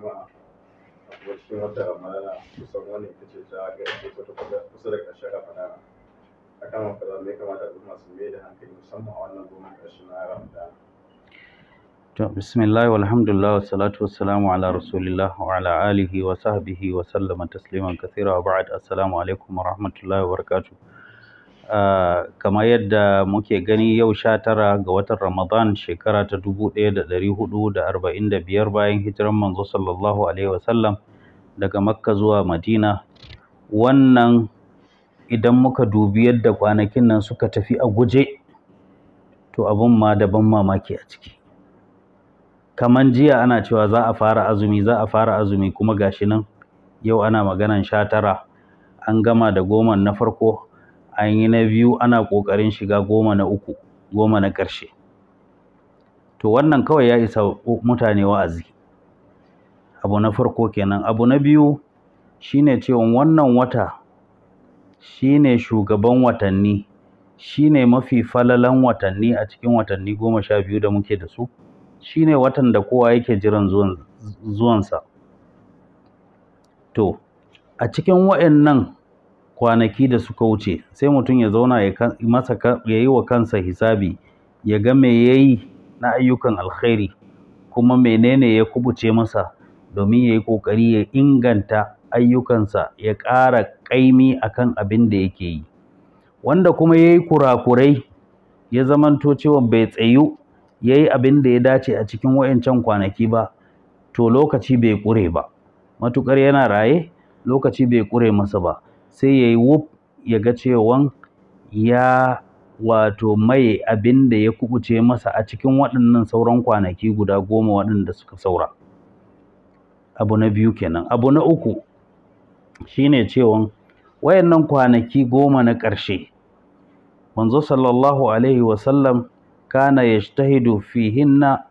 kuma a cikin wata ramadana kusan wannan ita ce ta ga ita ce ta kusa da ƙarshen ramadana a kan makarar ne kamata al'umma su mai da hankali musamman a wannan goma ƙarshen na ramadana to bismillah walhamdulillah wassalatu wassalamu ala rasulillah wa ala alihi wa sahbihi wa sallama tasliman kathira wa ba'd assalamu alaikum wa rahmatullahi wa barakatuh Ah, kamar yadda muke gani yau sha tara ga watan Ramadan shekara ta dubu ɗaya da ɗari hudu da arba'in da biyar bayan hijiran manzo sallallahu alaihi wasallam daga Makka zuwa Madina wannan idan muka dubi yadda kwanakin nan suka tafi a guje to abun ma da ban mamaki a ciki kaman jiya ana cewa za a fara azumi za a fara azumi kuma gashi nan yau ana maganan sha tara an gama da goma na farko an yi na biyu ana ƙoƙarin shiga goma na uku goma na ƙarshe to wannan kawai ya isa mutane wa'azi abu na farko kenan abu na biyu shine cewa wannan wata shine shugaban watanni shine mafi falalan watanni a cikin watanni goma sha biyu da muke da su shine watan da kowa yake jiran zuwansa to a cikin wa'annan kwanaki da suka wuce sai mutum ya zauna ya yi wa kansa hisabi ya ga me ya yi na ayyukan alkhairi kuma menene ya kubuce masa domin ya yi ƙoƙari ya inganta ayyukansa ya ƙara ƙaimi a kan abin da yake yi wanda kuma ya yi kurakurai ya zamanto cewa bai tsayu ya yi abin da ya dace a cikin wayancan kwanaki ba to lokaci bai ƙure ba matuƙar yana raye lokaci bai ƙure masa ba sai ya yi wuf ya ga cewan ya wato mai abin da ya kubuce masa a cikin waɗannan sauran kwanaki guda goma waɗanda suka saura abu na biyu kenan abu na uku shine cewan wayannan kwanaki goma na ƙarshe manzo sallallahu alaihi wasallam kana yajtahidu fihinna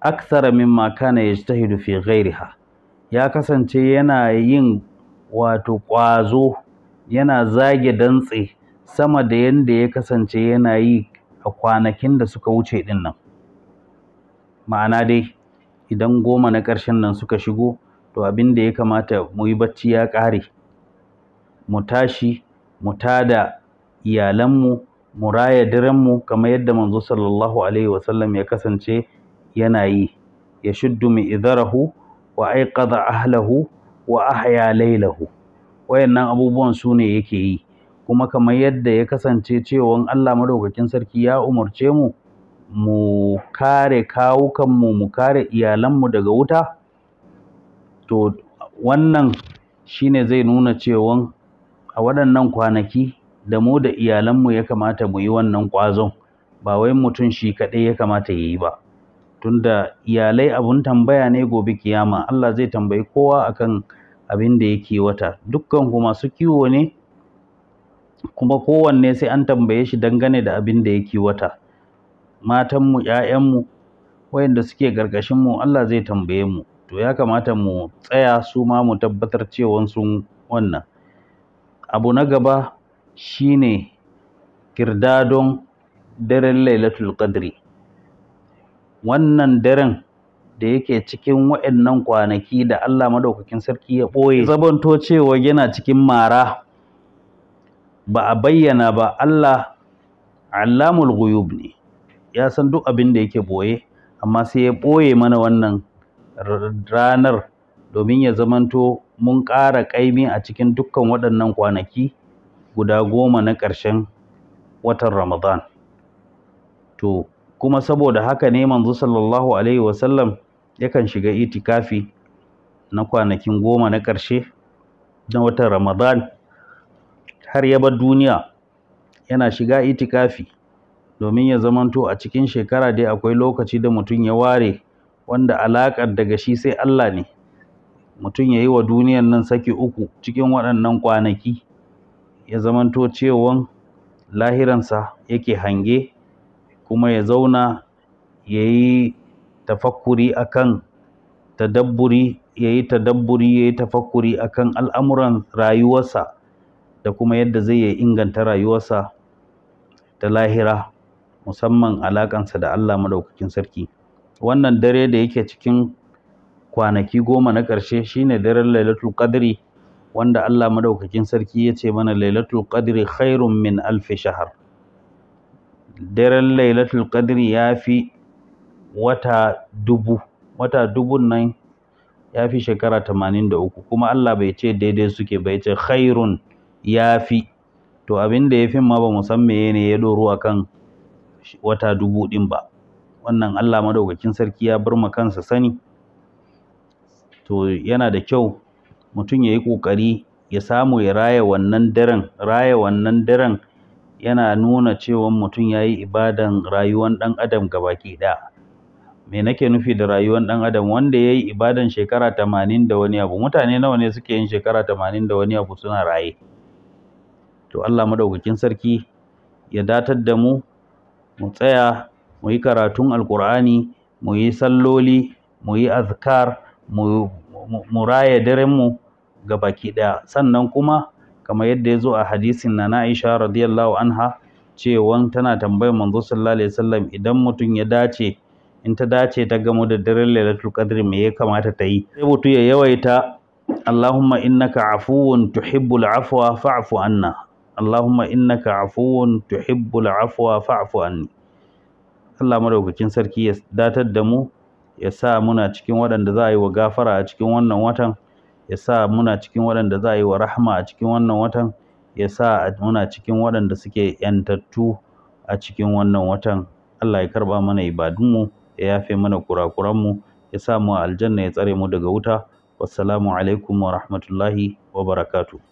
akthara mimma kana yajtahidu fi ghairiha ya kasance yana yin wato ƙwazo yana zage dantse sama da yadda ya kasance yana yi a kwanakin da suka wuce ɗin nan ma'ana dai idan goma na ƙarshen nan suka shigo to abin da ya kamata mu yi bacci ya ƙare mu tashi mu tada iyalanmu mu raya diranmu kamar yadda manzo sallallahu alaihi wasallam ya kasance yana yi ya shuddu mi idarahu wa aiqadha ahlahu wa ahya lailahu wayannan abubuwan su ne yake yi kuma kamar yadda ya kasance cewan Allah madaukakin sarki ya umarce mu mu kare kawukanmu mu kare iyalanmu daga wuta to wannan shine zai nuna cewa a waɗannan kwanaki da mu da iyalanmu ya kamata mu yi wannan ƙwazon ba wai mutum shi kaɗai ya kamata ya yi ba tunda iyalai abun tambaya ne gobe kiyama Allah zai tambayi kowa akan abin da ya wata dukkan ku masu kiwo ne kuma kowanne sai an tambaye shi dangane da abin da ya mu matanmu mu wayanda suke mu Allah zai tambaye mu to ya kamata mu tsaya su ma mu tabbatar cewa sun wannan abu na gaba shine kirdadon daren lailatul qadri wannan daren da yake cikin waannan kwanaki da Allah madaukakin sarki ya ɓoye zabanto cewa yana cikin mara ba a bayyana ba Allah allamul ghuyub ne ya san duk abin da yake ɓoye amma sai ya ɓoye mana wannan ranar domin ya zamanto mun ƙara ƙaimi a cikin dukkan waɗannan kwanaki guda goma na ƙarshen watan Ramadan to kuma saboda haka ne manzo sallallahu alaihi wasallam yakan shiga itikafi na kwanakin goma na ƙarshe na watan ramadan har ya bar duniya yana shiga itikafi domin ya zamanto a cikin shekara dai akwai lokaci da mutum ya ware wanda alaƙar daga shi sai Allah ne mutum ya yi wa duniyan nan saki uku cikin waɗannan kwanaki ya zamanto cewan lahiransa yake hange kuma ya zauna ya yi tafakkuri akan tadabburi ya yi tadabburi ya yi tafakkuri akan al'amuran rayuwarsa da kuma yadda zai yi inganta rayuwarsa ta lahira musamman alaƙansa da Allah maɗaukakin sarki wannan dare da yake cikin kwanaki goma na ƙarshe shine daren lailatul qadri wanda Allah maɗaukakin sarki ya ce mana lailatul qadri khairun min alfi shahar daren lailatul qadri ya fi wata dubu wata dubun nan ya fi shekara tamanin da uku kuma Allah bai ce daidai suke bai ce khairun ya fi to abinda da ya fi ma ba mu san meye ne ya doro kan wata dubu din ba wannan Allah madaukakin sarki ya bar ma kansa sani to yana da kyau mutum ya yi ƙoƙari ya samu ya raya wannan daren raya wannan daren yana nuna cewa mutum ya yi ibadan rayuwan ɗan adam gabaki ɗaya me nake nufi da rayuwan ɗan adam wanda ya yi ibadan shekara tamanin da wani abu mutane nawa ne suke yin shekara tamanin da wani abu suna raye to allah madaukakin sarki ya datar da mu mu tsaya mu yi karatun alkur'ani mu yi salloli mu yi azkar mu raya ga baki ɗaya sannan kuma kamar yadda ya zo a hadisin na Aisha radiyallahu anha cewan tana tambayar manzo sallallahu alaihi wasallam idan mutum ya dace in ta dace ta gamo da daren lailatul qadr me ya kamata ta yi sai mutum ya yawaita Allahumma innaka afuwun tuhibbul afwa fa'fu anna Allahumma innaka afuwun tuhibbul afwa fa'fu anni Allah madaukakin sarki ya datar da mu ya sa muna cikin waɗanda za a yi wa gafara a cikin wannan watan ya sa muna cikin waɗanda za a yi wa rahama a cikin wannan watan ya sa muna cikin waɗanda suke ‘yantattu a cikin wannan watan Allah ya karɓa mana ibadunmu ya yafe mana kurakuranmu ya sa mu aljanna ya tsare mu daga wuta wassalamu alaikum wa rahmatullahi wa barakatuh